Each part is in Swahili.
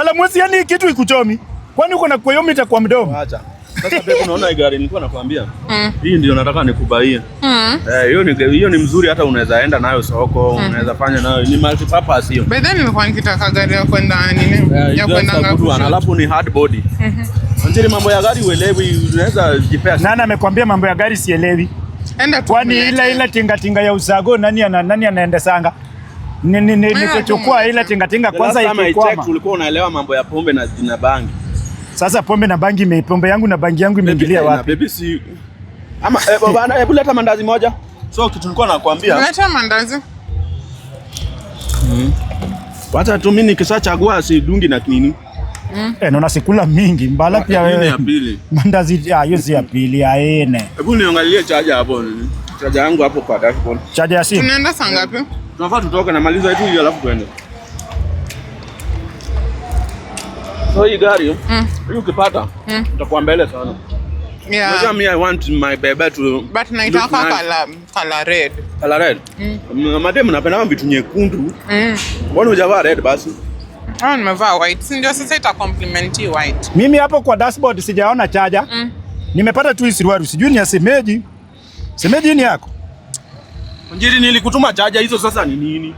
Pala mwezi yani kitu ikuchomi. Kwani uko na kiomita kwa mdomo? Acha. Sasa bebe, unaona gari nilikuwa nakwambia. Mm. Hii ndio nataka nikubaie. Mm. Eh, hiyo ni hiyo ni mzuri hata unaweza enda nayo soko, mm. Unaweza fanya nayo ni multi purpose hiyo. Bebe, nilikuwa nikitaka gari ya kwenda nini? Eh, ya kwenda ngapi? Alafu ni hard body. Mhm. Anjiri, mambo ya gari uelewi, unaweza jipea. Nani amekwambia mambo ya gari sielewi? Enda tu. Kwani ila ila tinga tinga ya usago nani ana nani anaenda sanga? nikuchukua ile tingatinga kwanza ikikwama. Ulikuwa unaelewa mambo ya pombe na jina bangi. Sasa pombe na bangi pombe yangu na bangi yangu imeingilia eh, wapi? Baby si ama eh, bwana, hebu leta mandazi moja. So kitu nilikuwa nakwambia. Leta mandazi. Mm. Wacha tu mimi nikishachagua dungi na nini. Mm. Eh, naona sikula mingi mbala ah, pia wewe. Ya pili. Mandazi ya ah, hiyo si ya pili ya ene. Hebu niangalie chaja hapo Chaja yangu hapo kwa dashboard. Chaja ya simu. Tunaenda saa ngapi? tunafaa tutoke na maliza yetu hiyo, alafu tuende. So hii gari mm. hii ukipata mm. utakuwa mbele sana. Yeah. Unajua mimi I want my baby to but na itaka kala kala red. Kala red. Mm. Madem napenda vitu nyekundu. Mm. Mbona hujavaa red basi? Ah, nimevaa white. Si ndio sasa ita compliment white. Mimi hapo kwa dashboard sijaona chaja. Mm. Nimepata tu suruali, sijui ni ya semeji. Semeji ni yako? Njiri, nilikutuma chaja hizo sasa ni nini?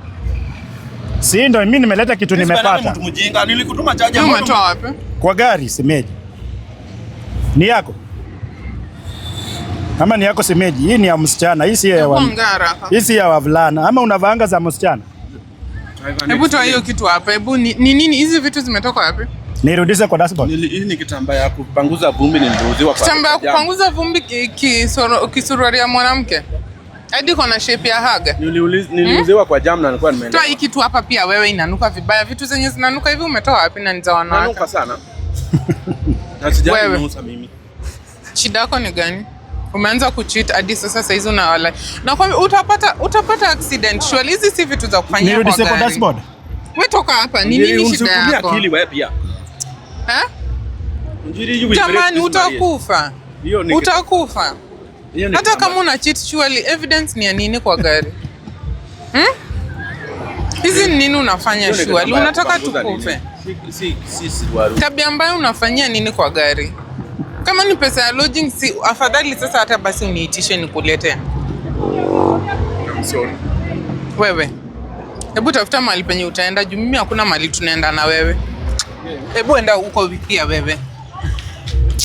Si ndo mimi nimeleta kitu nimepata. Mtu mjinga, nilikutuma chaja umetoa wapi? Kwa gari semeji. Ni yako? Ama ni yako semeji? Hii ni ya msichana, hii si ya wa. Hii si ya wavulana. Ama unavaanga za msichana? Hebu toa hiyo kitu hapa. Hebu ni nini hizi vitu zimetoka wapi? Nirudishe kwa dashboard. Hii ni kitambaa ya kupanguza vumbi niliuziwa kwa. Kitambaa ya kupanguza vumbi ki, ki, ki, hadi kona shape ya haga. Eh? niliuzewa kwa jam na nilikuwa nimeenda. Toa hiki hapa pia wewe inanuka vibaya. Vitu zenye zinanuka hivi umetoa wapi na ni wanawake? Inanuka sana. Na sijani nusa mimi. Shida yako ni gani? Umeanza kucheat hadi sasa saizi unawala. Na kwa utapata utapata accident. Surely hizi si vitu za kufanyia kwa gari. Nirudi kwa dashboard. Wewe toka hapa. Ni nini shida yako? Akili wewe pia. Eh? Jamani utakufa. Utakufa. Hata kama una cheat surely evidence ni ya nini kwa gari? Hmm? Hizi ni Nini unafanya surely? Unataka tukufe? Tabia ambayo unafanyia nini kwa gari? Kama ni pesa ya lodging, si afadhali sasa hata basi uniitishe nikuletea? Wewe hebu tafuta mahali penye utaenda juu, mimi hakuna mahali tunaenda na wewe. Hebu enda huko wiki ya wewe